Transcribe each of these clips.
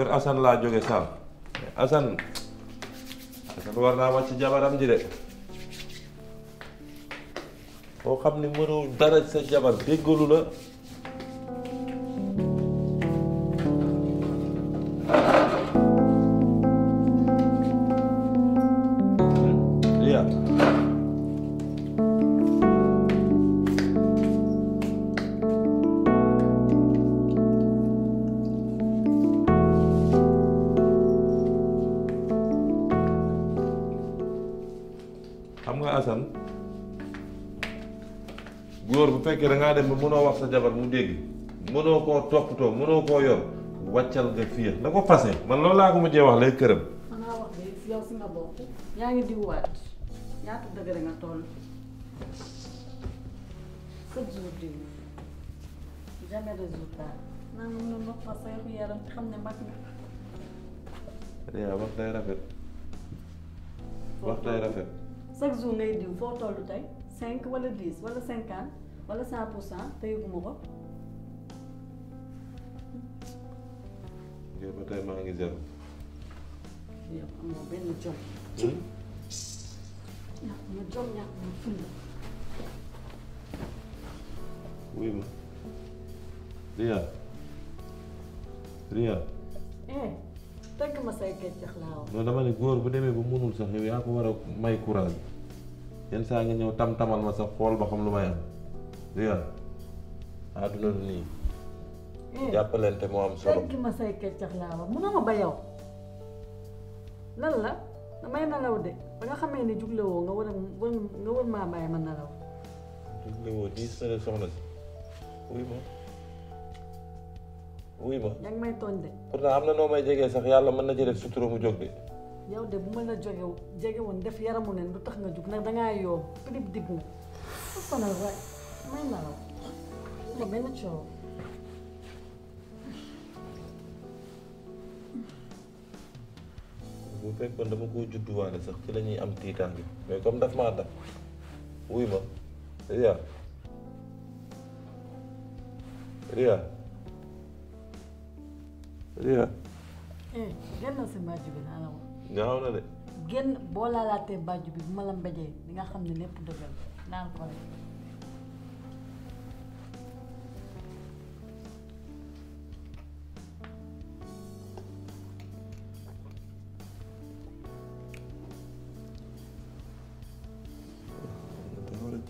kër Assane laa jóge saam Assane Assane war naa wàcc jabaram ji de koo xam ni mënul dara sa jabar déggalu la Assane góor bu fekkee dangaa dem ba mënoo wax sa jabar mu dégg mënoo koo toppatoo mënoo koo yor wàccal nga fii na ko fase man loolu laa ko mujjee wax lay këram. man naa wax de yow si nga bokk yaa ngi diwaat ñaata dëgg nga toll chaque jour diw jamais résultat naa mën a fa sa yaram yaa wax day rafet. wax day rafet. chaque jour ngay diw foo toll tey cinq wala dix wala cinquante wala cent pour cent te yëguma ko. yow ba tey maa ngi zéro. yow ma jom ñàkk hmm? ma fulla. ma. Ria. Ria. eh laa wax. non dama ne góor bu demee ba mënul sax yaa ko war a may courage. yenn saa ngi ñëw tam tamal ma sax xool ba xam lu may am dégg nga àdduna du nii. Hmm. jàppalante moo am solo. dégg ma ba yow lan la damay nalaw de ba nga xamee ne juglewoo nga war a nga war maa bàyyi ma nalaw. juglewoo diis na la soxna si wuy ma wuy ma. yaa may tooñ de. pourtant am na noo may jegee sax yàlla mën na ci def sutura mu jóg de. yow de bu mën la jóge jege def yaramu nen lu tax nga jug nag dangaa yoo pilip dig na foofu nag may nalaw ma benn coow bu fekkoon dama koo judduwaale sax ci la ñuy am tiitaange mais comme daf maa dab wuy Ria Ria Ria. eh gànnaaw si mbaa bi naa la woon. ñaaw na de. génn boo laalaatee bàjju bi bu ma la mbéjee di nga xam ne lépp dëggal naan ko rek.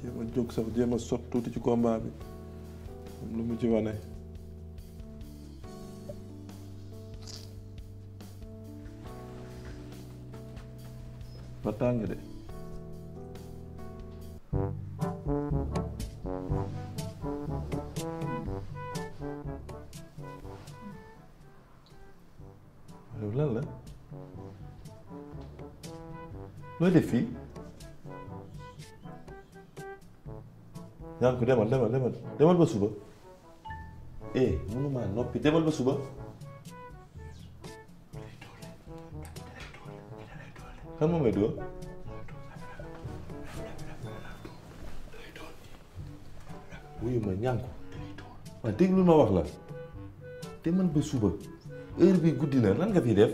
jéem a jóg sax jéem a sot tuuti ci combat bi lu mu ci wane. ba tàng de loolu lan la looy def fii yaa ngi ko demal demal demal demal ba suba eh mënumaa noppi demal ba suba kan moom may dóor wuyu ma ñànku ma ah, déglu ma wax la te man ba suba heure bi guddi na lan nga fi def.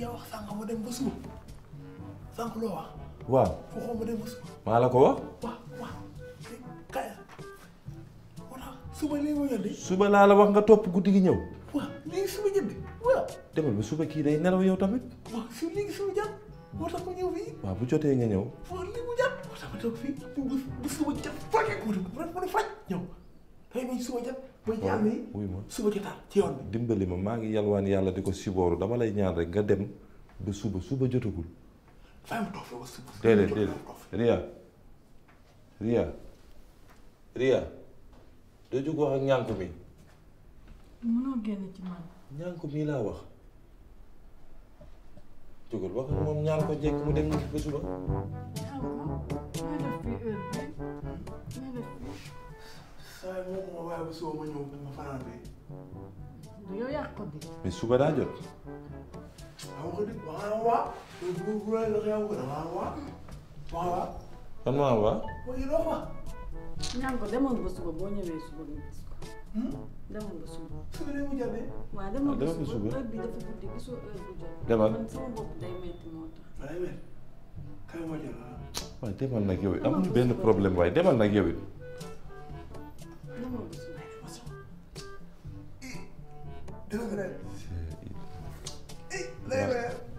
yow suba ko wax. waaw waaw laa la wax nga topp guddi gi ñëw. waaw léegi ba suba kii day nelaw yow tamit. su léegi suba jàpp. moo bu jotee nga ñëw. waaw li mu jàpp bu suba jàpp fàggee ko ma mën a suba jàpp. mooy ñaan ci yoon dimbali ma maa ngi yalwaan yàlla di ko sibooru dama lay ñaan rek nga dem ba suba suba jotagul. fay ma toog Ria Ria doo jóg ak ñànk mi. mënoo génn ci man. ñànk mi laa wax. dugal wax moom ñaan ko jekk mu dem ba suba. saa yi moom moo waaye ba suba ma ñëw ma fanaan de. yow yaa ko bi. mais suba daa jot. waaw wax dëgg wax naa waa. bu bu bu la xew ko damaa waa. wax waa. kan maa waa. mooy loo fa. ñaan ko demoon ba suba boo ñëwee suba nga gis ko. demal ba suba. suba de mu jàllee. waaw demal ba suba heure bi dafa guddi demal man sama bopp day métti moo tax. day métti kay demal problème waaye demal nag yow demal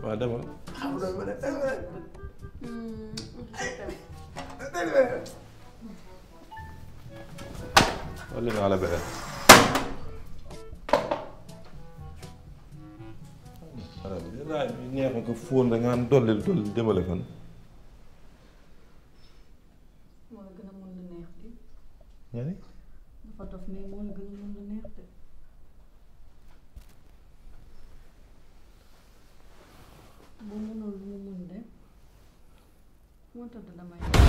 ba demal. wala naa la beneen. neexee ko fóon da ngaan dollil dollil jëmale fan. moo gën a mën lu neex di. nga ni. dafa dof mais moo la gën a mën lu neex di. bu mënul lu mu de moo tëdd damay.